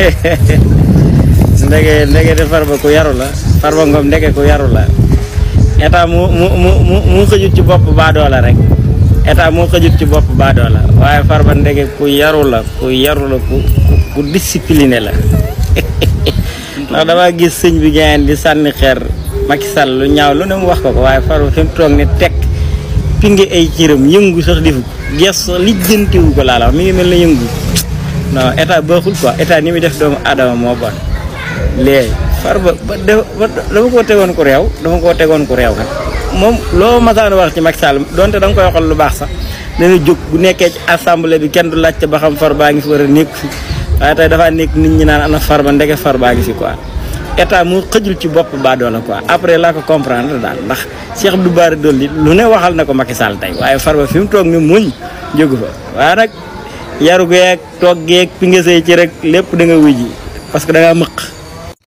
ndege ndege de Farba ku yaru la Farba Ngom ndege ku yaru la état mu mu mu mu xëjut ci bopp baadoo la rek état moo xëjut ci bopp baadoo la waaye Farba ndege ku yaru la ku yaru la ku ku discipliné la ndax gis sëñ bi gaayeen di sànni xer Macky Sall lu ñaaw lu ne mu wax ko ko waaye Farba fi mu toog ne teg pinge ay ciiram yëngu sax defu gees sax lijjantiwu ko laala mi ngi mel ne yëngu non état baaxul quoi état ni muy def doomu aadama moo baax léegi far ba ba dama koo tegoon ku réew dafa koo tegoon ku réew nag moom loo masaan wax ci Macky Sall donte da nga koy xool lu baax sax dana jóg bu nekkee ci assemblée bi kenn du laajte ba xam Farba ngi fi war a nekk fi waaye tey nekk nit ñi naan ana Farba ndeke Farba ngi fi ko état mu xëjul ci bopp baadoo la ko après laa ko comprendre daal ndax Cheikh Abdou bari Dolly lu ne waxal na ko Macky Sall tey waaye Farba fi mu toog ni muñ jógu fa waaye nag yaru geeg toog geeg fi nga sëy ci rek lépp da nga wuy ji parce que danga mëq